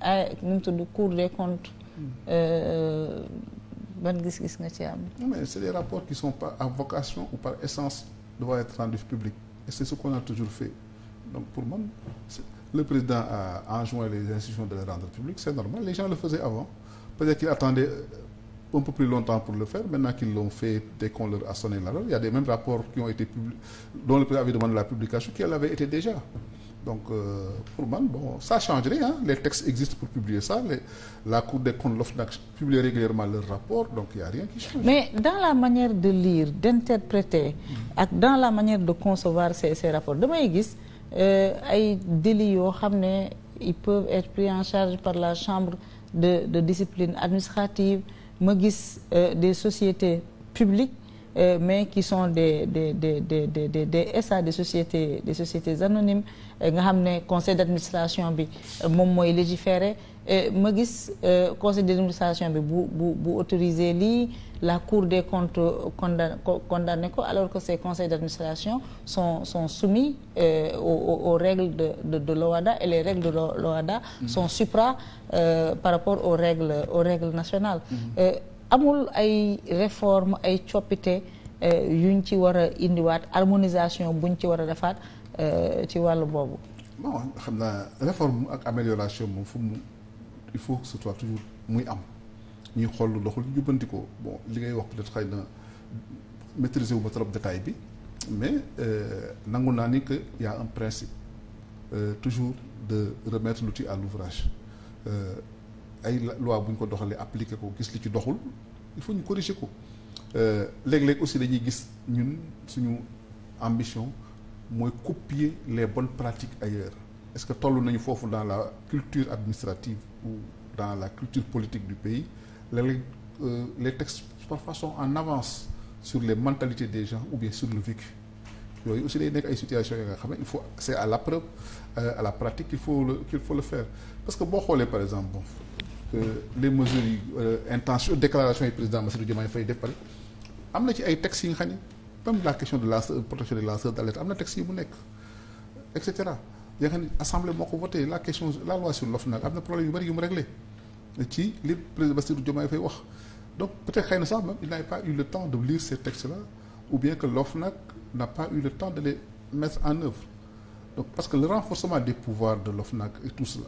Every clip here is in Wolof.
ay nu mu tudd cour des comptes hmm. euh, ban gis-gis nga ci am non mais c'est des rapports qui sont par à vocation ou par essence doivent être rendus publics et c'est ce qu'on a toujours fait donc pour moi le président a enjoint les institutions de les rendre publics c'est normal les gens le faisaient avant peut-être qu'ils attendaient euh, un peu plus longtemps pour le faire maintenant qu'ils l'ont fait dès qu'on leur a sonné l'alarme il y a des mêmes rapports qui ont donc euh, pour man bon ça changerait hein les textes existent pour publier ça la Cour des comptes l'OFNAC publie régulièrement leur rapport donc il y a rien qui change. mais dans la manière de lire d'interpréter mm-hmm. ak dans la manière de concevoir ces ces rapports damay gis euh, ay délits yoo xam ne ils peuvent être pris en charge par la chambre de de discipline administrative ma gis euh, des sociétés publiques euh, mais qui son des des des des des des, des SA des sociétés des anonymes euh, nga xam ne conseil d'administration bi euh, moom mooy légiférer euh, ma gis conseil d'administration bi bu bu bu autoriser lii la cour des comptes condamné condamné ko alors que ces conseils d'administration sont sont soumis euh, aux, règles de de de l'OHADA et les règles de l'OHADA mm-hmm. sont supra euh, par rapport aux règles aux règles nationales. Mm-hmm. amul ay réforme ay coppite euh, yuñ ci war a indiwaat harmonisation buñ ci war a defaat euh, ci wàll boobu. bon xam naa réforme ak amélioration moom fu mu il faut que ce toujours muy am ñuy xool lu doxul jubbanti ko li ngay wax peut-être xëy na maîtriser wu ma trop détail bi mais euh, nangu naa ni que y a un principe euh, toujours de remettre l'outil à l'ouvrage ay loi bu ñu ko doxalee appliqué ko gis li ci doxul il faut ñu corriger ko euh, léeg-léeg aussi dañuy gis ñun suñu ambition mooy copier les bonnes pratiques ailleurs est-ce que toll nañu foofu dans la culture administrative dans la culture politique du pays léeg-léeg euh, les textes parfois sont en avance sur les mentalités des gens ou bien sur le vécu yooyu aussi day nekk ay situations yi nga xam ne il faut c'est à la preuve euh, à la pratique qu'il faut le qu'il parce que boo xoolee exemple bon les mesures yi euh, intention déclaration yi président Bassirou Diomaye Faye def pare am na ci ay textes yi nga xam ne même la question de la euh, protection des lanceurs d'alerte am na textes yi mu nekk et cetera yaa xam ne assemblée la question la loi sur l'OFNAC am na problème yu bëri yu mu réglé ci li président Bassirou Diomaye wax donc peut-être xëy na sax même il n'avait pas eu le temps de lire ces textes la ou bien que l'OFNAC n'a pas eu le temps de les mettre en œuvre donc parce que le renforcement des pouvoirs de l'OFNAC et tout cela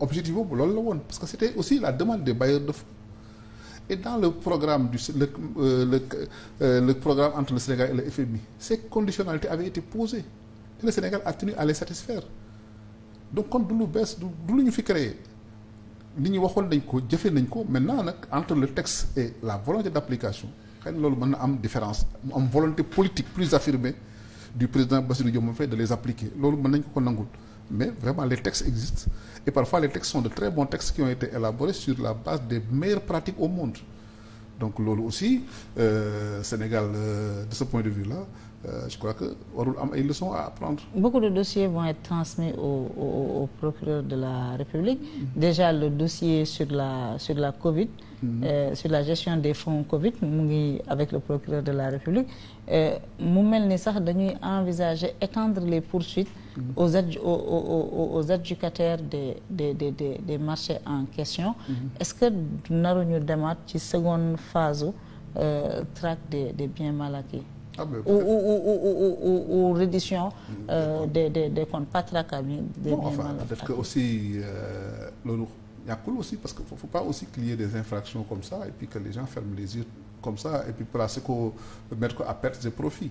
objectif boobu loolu la woon parce que c'était aussi la demande des bailleurs de fonds et dans le programme du le euh, le euh, le programme entre le Sénégal et le FMI ces conditionnalités avaient été posées et le Sénégal a tenu à les satisfaire donc kon du lu bees du du lu ñu fi créé li ñu waxoon nañ ko jëfee nañ ko maintenant nag entre le texte et la volonté d'application xëy loolu mën na am différence mu am volonté politique plus affirmée du président Bassirou Diomaye Faye de les appliquer loolu mën nañ ko nangul mais vraiment les textes existent et parfois les textes sont de très bons textes qui ont été élaborés sur la base des meilleures pratiques au monde donc loolu aussi euh, Sénégal euh, de ce point de vue-là Euh, je crois que warul am ay à apprendre. Beaucoup de dossiers vont être transmis au au au procureur de la République. Mm. Déjà le dossier sur la sur la Covid. Mm. Euh, sur la gestion des fonds Covid mu ngi avec le procureur de la République euh, mu mel ni sax dañuy envisager étendre les poursuites. Mm. aux adju aux aux aux adjudicataires des des des des des marchés en question. Est-ce que naruñu demaat ci seconde phase euh, traque des des biens mal ah ben, ou, ou, ou, ou reddition mm-hmm. euh, des, des, des comptes, pas traquage. Bon, enfin, peut-être aussi, euh, le, il a cool aussi, parce qu'il ne faut pas aussi qu'il y ait des infractions comme ça, et puis que les gens ferment les yeux comme ça, et puis placer qu'on mettre à perte des profits.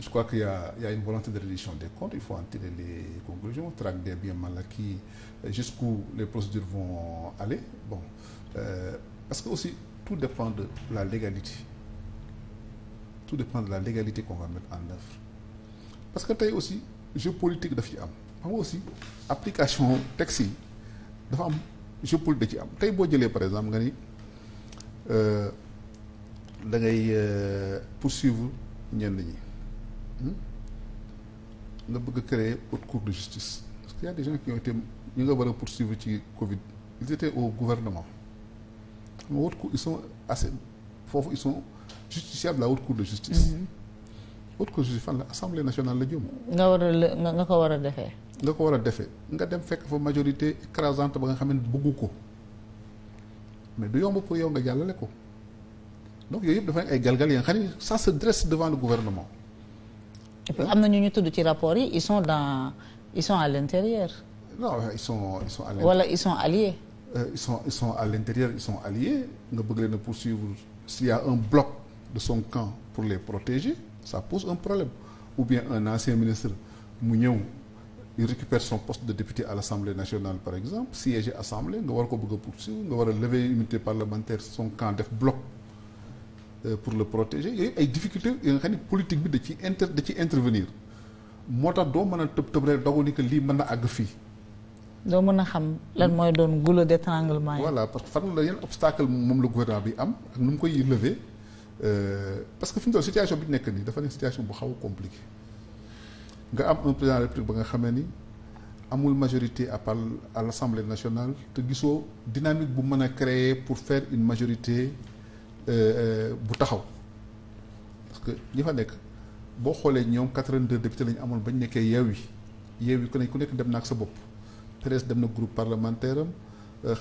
Je crois qu'il y, a une volonté de reddition des comptes, il faut en tirer les conclusions, traque des biens mal acquis, jusqu'où les procédures vont aller. Bon, euh, parce que aussi, tout dépend de la légalité. tout dépend de la légalité qu'on va en œuvre parce que tey aussi jeu politique daf ci am xam nga aussi application texte yi dafa am jeu politique ci am tey boo jëlee par exemple nga ni euh, da ngay euh, poursuivre ñenn ñi hmm? nga bëgg a créer haute cour de justice parce qu'il y a des gens qui ont été ñu nga war a poursuivre ci Covid ils étaient au gouvernement xam nga haute cour ils sont foofu ils sont justiciable la haute cour de justice. Mhm. haute de justice fan la assemblée nationale la jëm. nga war a la nga ko war a defee. nga ko war a defee nga dem fekk fa majorité écrasante ba nga xam ne bëggu ko mais du yomb pour yow nga jàllale ko donc yooyu yëpp dafa nekk ay galgal ya nga xam ne ça se dresse devant le gouvernement. am na ñu ñu tudd ci rapport yi ils sont dans ils sont à l'intérieur. non ils sont ils sont à l'intérieur. wala ils sont alliés. ils sont ils sont à nga bëgg leen a poursuivre s'il y a un bloc. de son camp pour les protéger sa pouse un problème ou bien un ancien ministre mu ñëw il récupère son poste de député à l'Assemblée nationale par exemple siéger assemblée nga war ko bëgg a poursuivre nga war a lever immunité parlementaire son camp def bloc euh, pour le protéger yooyu ay difficultés yi nga xam ne politique bi da ci inter da ci intervenir moo tax doo mën a tëb tëb rek dogu ni que lii mën na àgg fii. doo mën a xam lan mooy doon goulot d'étranglement yi. voilà parce que fan la yan obstacle la gouvernement bi am ak mu koy lever. Euh, parce que fi mu toll situation bi ñu nekk nii dafa nekk situation bu xaw a nga am un président la république ba nga xamee ni amul majorité à part à l' assemblée nationale te gisoo dynamique bu mën a créer pour faire une majorité euh, euh, bu taxaw parce que ñi fa nekk boo xoolee ñoom 82 députés la ñu amoon bañ nekkee yeew yi yeew yi ku ne ku nekk dem na ak sa bopp Pérez dem na groupe parlementaire am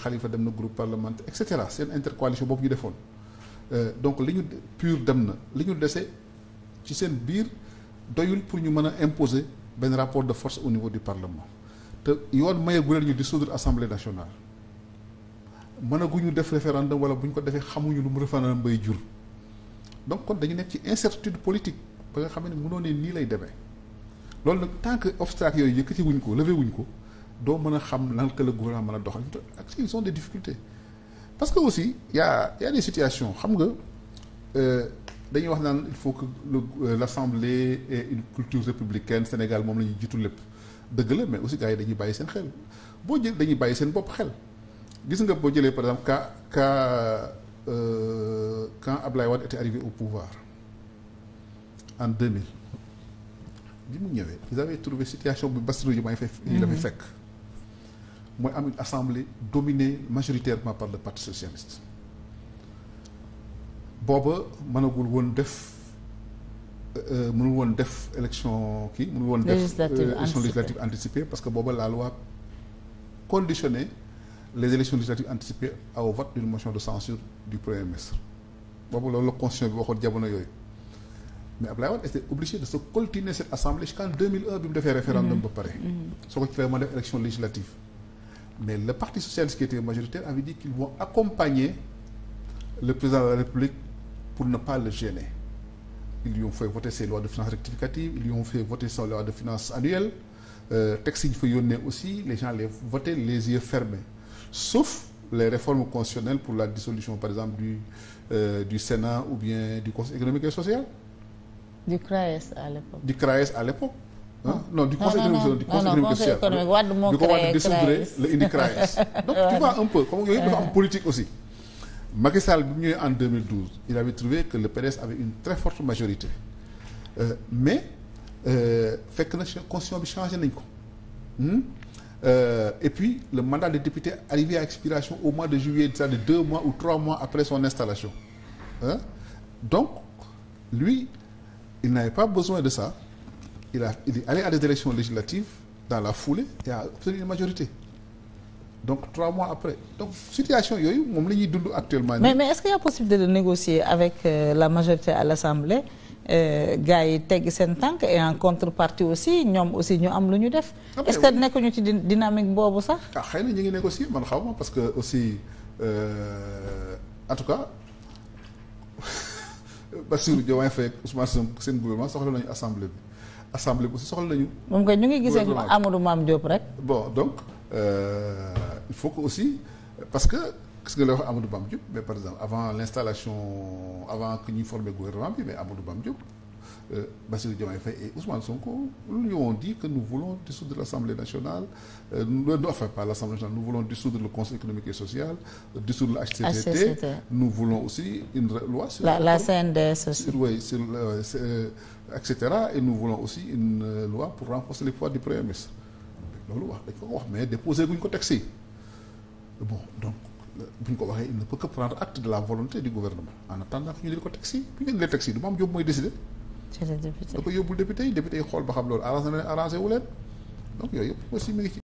Khalifa dem na groupe parlementaire et cetera seen intercoalition boobu ñu defoon. Euh, donc li ñu pur dem na li ñu dese ci seen biir doyul pour ñu mën a imposer benn rapport de force au niveau du parlement te yoon mayeegu leen ñu dissoudre assemblée nationale mënaguñu def référendum wala bu ñu ko defee xamuñu lu mu référendum bay jur donc kon dañu nekk ci incertitude politique ba nga xam ne mënoo ne nii lay demee loolu nag tant que obstacle yooyu yëkkati wuñ ko levé wuñ ko doo mën a xam lan que le mën a doxal ak son ont des difficultés parce que aussi y a y a xam nga euh, dañuy wax naan il faut que euh, l'Assemblée ait une culture républicaine Sénégal moom la ñuy jiitu lépp dëgg la mais aussi gars yi dañuy bàyyi seen xel boo jël dañuy bàyyi seen bopp xel gis nga boo jëlee par exemple cas cas euh, quand Ablaye Wade était au pouvoir en 2000 bi mu ñëwee ils avaient trouvé situation bi Bassirou Diomaye Faye. yi mhm. fekk. mooy am une assemblée dominée majoritairement par le parti socialiste booba mënagul woon def euh, mënul woon def élection kii mënul woon def euh, élection législative anticipée parce que booba la loi conditionnait les élections législatives anticipées au vote d'une motion de censure du premier ministre boobu loolu la constitution bi waxoon jamono yooyu mais Abdoulaye Wade était obligé de se coltiner cette assemblée jusqu'en 2001 bi mu defee référendum mm-hmm. ba pare mm-hmm. soo ko ci la ma mais le parti socialiste qui était majoritaire avait dit qu'ils vont accompagner le président de la République pour ne pas le gêner ils lui ont fait voter ses lois de finances rectificatives ils lui ont fait voter sa loi de finances annuelle euh, texte yi ñu aussi les gens les votaient les yeux fermés sauf les réformes constitutionnelles pour la dissolution par exemple du euh, du Sénat ou bien du Conseil économique et social. du CRAES à l'époque. du CRAES à l'époque ah non du conseil économique social du conseil économique social bi ko Wade dissoudre la indi CRAES donc tu un peu comme yooyu dafa politique aussi Macky Sall bi mu en 2012 il avait trouvé que le PDS avait une très forte majorité euh, mais euh, fekk na constitution bi changé nañ ko hmm? euh, et puis le mandat de député arrivé à expiration au mois de juillet c'est-à-dire deux mois ou trois mois après son installation donc lui il n'avait pas besoin de ça il a il est allé à des élections législatives dans la foulée et a obtenu majorité donc trois mois après donc situation yooyu moom la ñuy dund actuellement. mais mais est-ce qu'il y a possibilité de négocier avec euh, la majorité à l'Assemblée euh, gars yi tegg seen tànk et en contrepartie aussi ñoom aussi ñu am lu ñu def. Ah, est que nekkuñu ci dynamique boobu sax. ah xëy na ñu ngi négocier man xaw ma parce que aussi euh, en tout cas. Bassirou Diomaye Faye ak Ousmane Sonko seen gouvernement soxla nañu assemblée bi. assemblée aussi soxla nañu. moom kay ñu ngi gisee ñu Amadou Mame rek. bon donc euh, il faut que aussi parce que gis nga la wax Amadou Mame Diop mais par exemple avant l'installation avant que ñuy former gouvernement bi mais Amadou Mame Diop. Euh, Bassirou Diomaye Faye et Ousmane Sonko ñu ont dit que nous voulons dissoudre l'Assemblée nationale euh, non enfin pas l'Assemblée nationale nous voulons dissoudre le Conseil économique et social dissoudre le HCCT, HCCT. nous voulons aussi la, la, la et cetera et nous voulons aussi une euh, loi pour renforcer les pouvoirs du premier ministre loolu wax dañ ko wax mais déposé guñ ko texte bo bon donc buñ ko waxee il ne peut que prendre acte de la volonté du gouvernement en attendant que ñu leen ko texte yi bu ñu leen du ma am mooy décider. da ko yóbbul député yi xool ba xam loolu arrangé na leen arrangé wu leen donc yooyu yëpp aussi mi ngi ci.